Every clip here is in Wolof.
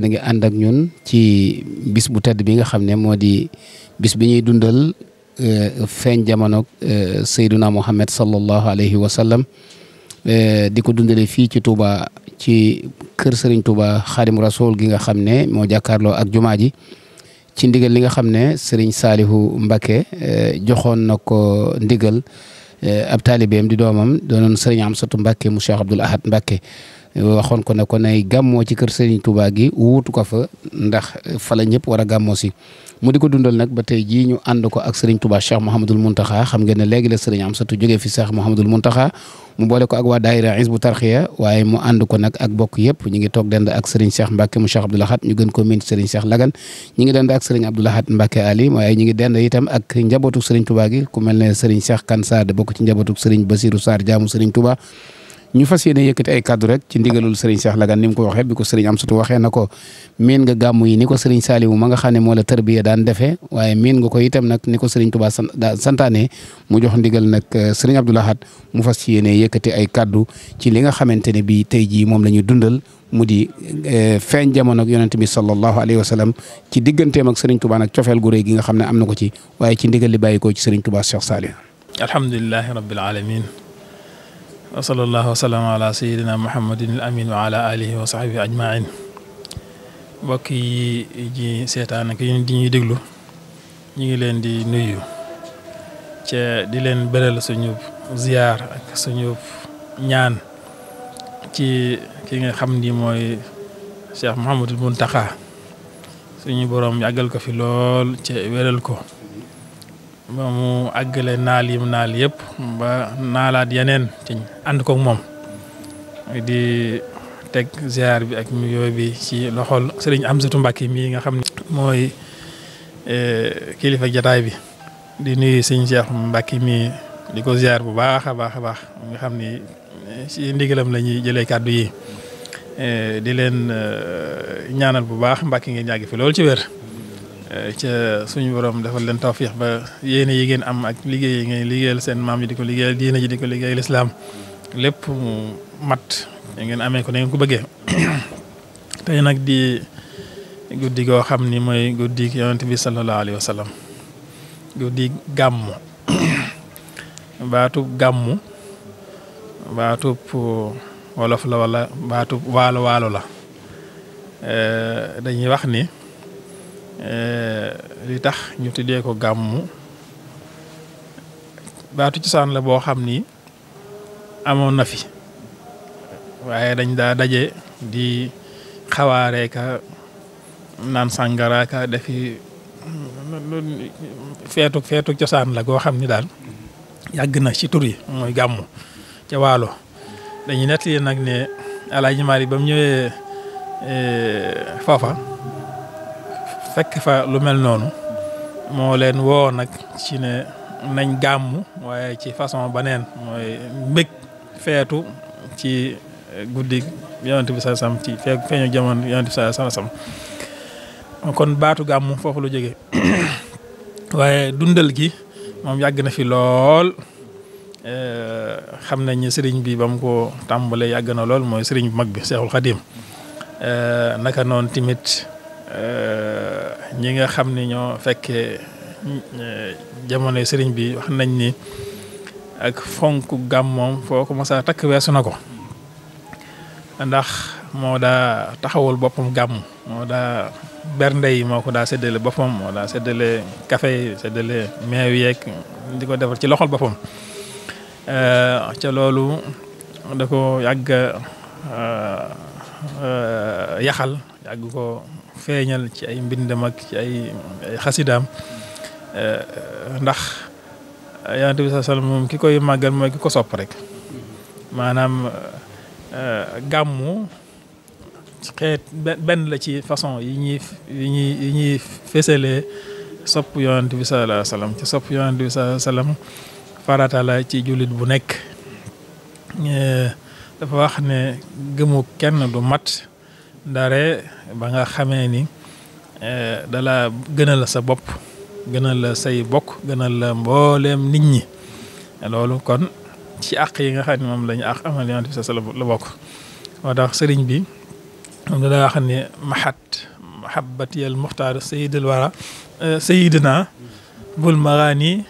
yéen a ngi ànd ak ñun ci bis bu tedd bi nga xam ne moo di bis bi ñuy dundal euh, feeñ jamono euh, Seyduna Muhammad sallallahu alayhi wa sallam euh, di ko dundale fii ci Touba ci kër Serigne Touba Xaadimu Rasuul gi nga xam ne moo jàkkaarloo ak jumaa ji ci ndigal li nga xam ne Serigne Saalihu Mbakke joxoon na ko ndigal ab taalibeem di doomam doonoon Serigne Amsatu Mbakke mu Cheikh Abdoul Ahad Mbakke. waxoon ko ne ko nay gàmmoo ci kër Serigne Touba gi wuutu ko fa ndax fa la ñëpp war a gàmmoo si mu di ko dundal nag ba te jii ñu and ko ak Serigne Touba Cheikh Mouhamadul Mountakha xam ngeen ne léegi la Serigne Amsatou jógee fi Cheikh Mouhamadul Mountakha mu boole ko ak waa daayira Hizbut Tarqiyyah waaye mu ànd ko nag ak bokk yëpp ñu ngi toog dend ak Serigne Cheikh Mbacke mu Cheikh Abdoul Ahad gën ko miin Serigne Cheikh Lagan ñu ngi dend ak Serigne Abdoul Ahad waaye ñu ngi dend itam ak njabootu Serigne Touba gi ku mel ne Serigne Cheikh Kansade bokk ci njabootu Serigne Basirou Sarr jaamu Serigne Touba ñu fas yéene yëkkati ay kàddu rek ci ndigalul sëriñ Cheikh Lagane ni mu ko waxee bi ko sëriñ Amsatu waxee na ko miin nga gàmm yi ni ko sëriñ Saliou ma nga xam ne moo la tërbiya daan defee waaye miin nga ko itam nag ni ko sëriñ Touba santaane mu jox ndigal nag euh, sëriñ Abdou Lahad mu fas yéene yëkkati ay kàddu ci li nga xamante ne bii tey jii moom la ñu dundal mu di euh, feeñ jamono ak yonent bi sallallahu alayhi wa sallam ci digganteem ak sëriñ Touba nag cofeel gu gi nga xam ne am na ko ci waaye ci ndigal li bàyyi ko ci sëriñ Touba Cheikh Saliou alhamdulillahi rabbil wa sallallahu wa sallam ala sayidina muhammadin al amin wa ala alihi wa sahbihi ajmain mbokk yi ji seetaan ak yi di ñuy déglu ñu ngi leen di nuyu ca di leen beral suñu ziyaar ak ñaan ci ki nga xam ni mooy Cheikh Mouhamadul suñu borom yàggal ko fi lool ca ko ba mu àggale naal yi naal yëpp ba naalaat yeneen ci ànd koog moom di teg ziar bi ak nuyoo bi ci loxol sëriñ Amsatu Mbàkke mii nga xam ne mooy e, kilifa jataay bi di nuyu sëñ Cheikh Mbàkke mii di ko ziar bu baax a baax a baax nga xam ni si e, ndigalam la ñuy jëlee kàddu yi e, di leen ñaanal bu baax Mbàkke ngeen yàgg fi loolu ci weer Eh, ca suñu borom defal leen tawfiix ba yéene yi ngeen am ak liggéey yi ngeen liggéeyal seen maam yi di ko liggéeyal diine ji di ko liggéeyal islaam lépp mu mat ngeen amee ko na ko bëggee tey nag di guddi goo xam ni mooy guddi yonent bi sallallahu alayhi wa sallam guddi gàmmu baatub gàmmu baatub wolof la wala baatub waalo waalo la eh, dañuy wax ni Euh, li tax ñu tuddee ko gàmmu baatu cosaan la boo xam ni amoon na fi waaye dañ daa daje di xawaaree ka naan sàngara ka defi feetu feetu cosaan la goo xam ni daal yàgg na ci tur yi mooy gàmmu ca waalo dañuy nettali nag ne Alaaji Maalik ba mu ñëwee euh, fekk fa lu mel noonu moo leen woo nag ci ne nañ gàmm waaye ci façon baneen mooy mbég feetu ci guddi yonent bi sallallahu alayhi wasallam ci fekk jamono yonent bi kon baatu gàmm foofu la jógee waaye dundal gi moom yàgg na fi lool eh, xam nañ ñi sëriñ bi ba mu ko tàmbalee yàgg na lool mooy sëriñ bu mag bi Seexul Xadiim eh, naka noonu timit eh, ñi nga xam ni ñoo fekkee euh, jamonoy sëriñ bi wax nañ ni ak fonk gàmmoom foo ko mos takk weesu na ko ndax moo daa taxawul boppam gàmm moo daa bernde yi moo ko daa seddale boppam moo daa séddale café yi séddale meew yeeg di ko defar ci loxol boppam euh, ca loolu da ko yàgg euh, yaxal yàgg ko feeñal ci ay mbindam ak ci ay ay xasidaam eh, ndax yonent bi sallam moom ki koy màggal mooy ki ko sopp rek maanaam eh, gàmmu xeet benn la ci façon yi ñuy yi ñuy ñuy fësalee sopp yonent bi sallallahu alayhi ci sopp yonent bi sallallahu ci jullit bu nekk eh, dafa wax ne gëmu kenn du mat dare ba nga xamee ni eh, dala gënal sa bopp gënal la say bokk gënal mboolem mbooleem nit ñi loolu kon ci àq yi nga xam ne moom la ñu àq amal yonent bi sa la bokk moo sëriñ bi moom dala wax ne mahat mahabatiyal muxtaar sayidal wara eh, sayidina bul magaani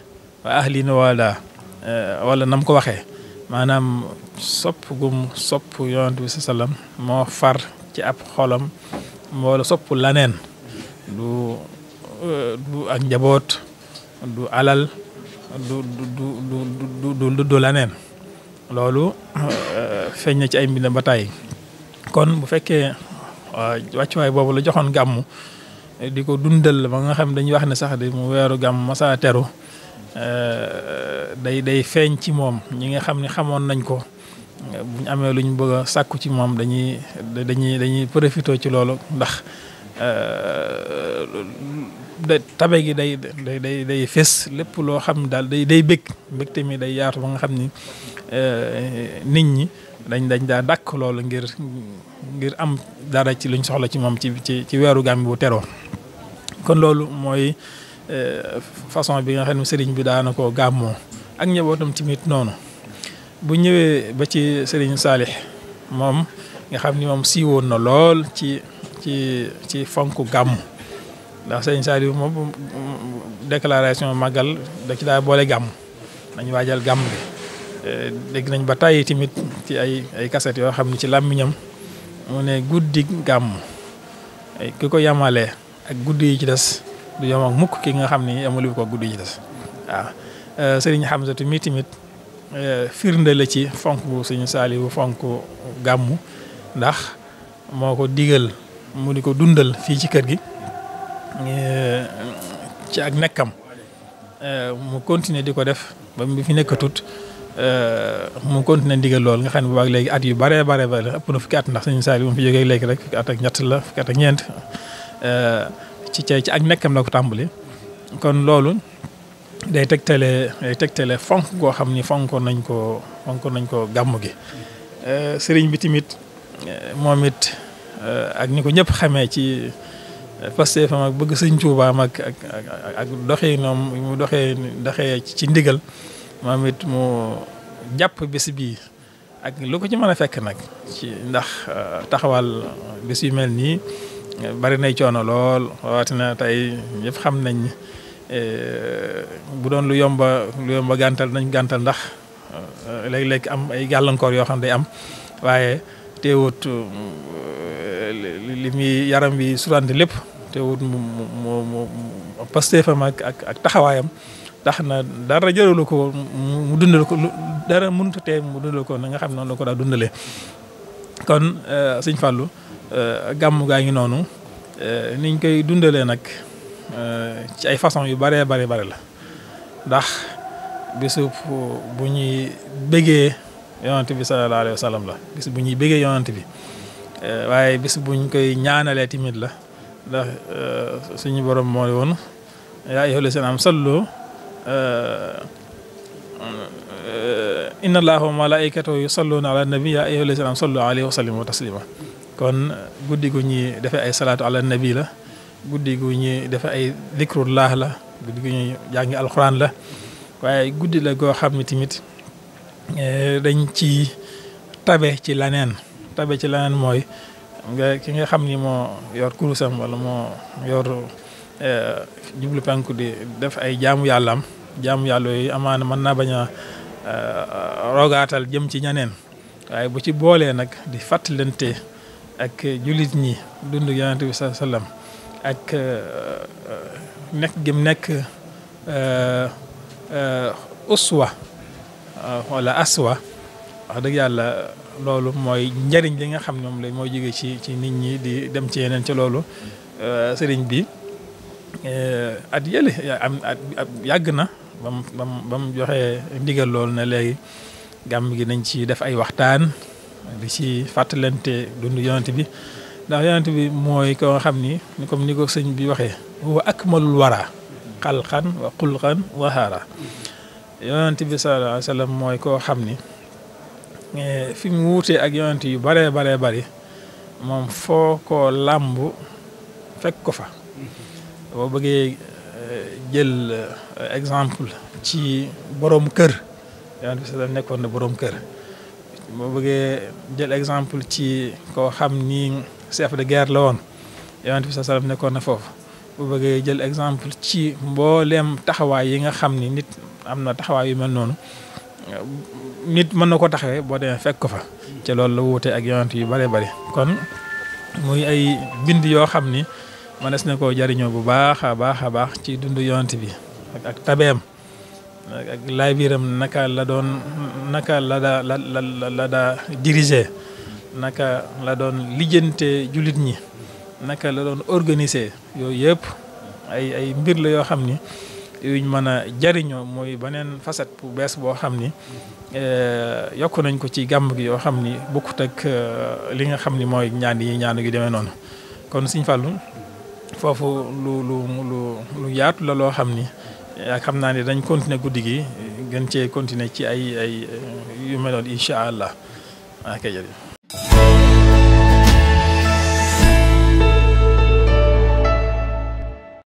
wa ahli wala eh, wala nam ko waxe maanaam sopp gum sopp yonent bi sa sallam moo far ci ab xolam wala sopp laneen du du ak njaboot du alal du du du du du laneen loolu euh, feeñ na ci ay mbindam ba tàyyi kon bu fekkee euh, wàccuwaay boobu la joxoon gàmmu di ko dundal ba nga xam dañuy wax ne sax di mu weeru gàmmu masaa teru euh, day day feeñ ci moom ñi nga xam ni xamoon nañ ko bu ñu amee lu ñu bëgg sàkku ci moom dañuy dañuy dañuy profité ci loolu ndax euh, tabe gi day day day day lépp loo xam daal day day bëgg mbégte mi day yaatu ba nga xam ni euh, nit ñi dañ dañ daa dàkk loolu ngir ngir am dara ci luñ soxla ci moom ci ci ci weeru Gàmbi bu teroo kon loolu mooy euh, façon bi nga xam ne sëriñ bi daana ko gàmmoo ak njabootam tamit noonu bu ñëwee ba ci Serigne Saalix moom nga xam ni moom siiwoon na lool ci ci ci fonk gàmm ndax Serigne Saalix moom déclaration màggal da ci daa boole gàmm nañ waajal gàmm bi eh, dégg nañ ba tàyyi tamit ci ay ay kaset yoo xam ne ci làmmiñam mu ne guddi gàmm eh, ki ko yamalee ak guddi yi ci des du yom ak mukk ki nga xam ni amul ko guddi yi ci des waaw eh, Serigne Hamza tamit tamit Euh, firnde la ci fonk suñu saali saaliwu fonk gàmmu ndax moo ko digal mu di ko dundal fii ci kër gi euh, ci ak nekkam euh, mu continuer di ko def ba mu fi nekkatut mu continuer digal lool nga xam ne bu ak léegi at yu bare bare bare ëpp na fukki at ndax suñu saali mu fi jógee léegi rek fukki at ak ñett la fukki ñeent ci ci ak nekkam la ko tàmbali kon loolu day tegtale day tegtale fonk goo xam ni fonk nañ ko fonk nañ ko gàmm gi euh, sëriñ bi tamit euh, moom it euh, ak ni ko ñëpp xamee ci pasteefam ak bëgg sëñ Tuubaam ak ak ak doxee mu doxee doxee ci ndigal moom it mu jàpp bés bii ak lu ko ci mën a fekk nag ci ndax taxawal bés yu mel nii bari nay coono lool rawatina tey ñëpp xam nañ Euh, bu doon lu yomba lu yomba gàntal nañ gàntal ndax euh, léeg-léeg am ay gàllankoor yoo xam day am waaye teewut euh, li muy yaram bi surante lépp teewut mu mu mu mu pasteefam ak ak ak taxawaayam tax na dara jëralu ko mu dundal ko dara mënut a tee mu dundal ko na nga xam noonu la ko daa dundalee. kon sëñ Fallou gàmmu gaa ngi noonu niñ koy dundalee nag. Euh, ci ay façon yu bëree bëri bëri la ndax bisub bu ñuy bëggee yonent bi sallallahu alayhi la bis bu ñuy bëggee yonent bi euh, waaye bis buñ koy ñaanalee timit la ndax euh, borom moo woon yaa ayyuha llaziina aamanu sallu inna allaha wa malaa'ikatahu yusalluuna ala nabi yaa ayyuha llaziina aamanu sallu kon guddi gu ñuy defee ay salaatu ala la guddi gu def ay laax la guddi gu ñuy alxuraan la waaye guddi la goo xam ne tamit eh, dañ ci tabe ci laneen tabe ci laneen mooy nga ki nga xam ni moo yor kurusam wala moo yor eh, jublu penku di def ay jaamu yàllaam jaamu yàlla yooyu amaana mën na bañ a eh, rogaatal jëm ci ñaneen waaye bu ci boolee nag di fàttalante ak jullit ñi dund yonente bi sallallahu ak euh, euh, nekk gi mu nekk euh, uswa wala aswa wax dëgg yàlla loolu mooy njëriñ li nga xam ñoom la mooy jóge ci ci nit ñi di dem ci yeneen ci loolu sëriñ bi at yële am yàgg na bam bam ba mu joxee ndigal loolu na léegi gàmm gi nañ ci def ay waxtaan di ci fàttalante dundu yonent bi ndax yonent bi mooy ko nga xam ni comme ni ko sëñ bi waxee wa akmalul wara xalxan wa xulxan wa haara yonent bi sallallahu alayhi mooy koo xam ni eh, fi mu wuutee ak yonent yu bare baree bari moom foo ko lamb fekk ko fa boo bëggee eh, jël eh, exemple ci borom kër yonent bi sallallahu nekkoon na borom kër boo bëggee jël exemple ci koo xam ni chef de guerre la woon yonent bi sallallahu alayhi wa nekkoon na foofu bu bëggee jël exemple ci mbooleem taxawaay yi nga xam ni nit am na taxawaay yu mel noonu nit mën na ko taxawee boo demee fekk fa ci loolu la wuute ak yonent yu bare bari kon muy ay bind yoo xam ni mënees na koo jariñoo bu baax a baax a baax ci dundu yont bi ak ak tabeem ak laabiram naka la doon la la la la daa diriger naka la doon lijjante jullit ñi naka la doon organiser yooyu yëpp ay ay mbir la yoo xam ni yuñ mën a jariñoo mooy beneen facette bu bees boo xam ni eh, yokk nañ ko ci gàmb gi yoo xam ni bokkut ak eh, li nga xam ni mooy ñaan yi ñaanu gi demee noonu kon Sëñ Fallu foofu lu lu lu lu yaatu la loo xam ni yaa eh, xam naa ni dañ continuer guddi gi gën cee continuer ci ay ay yu meloon incha allah ak jërëjëf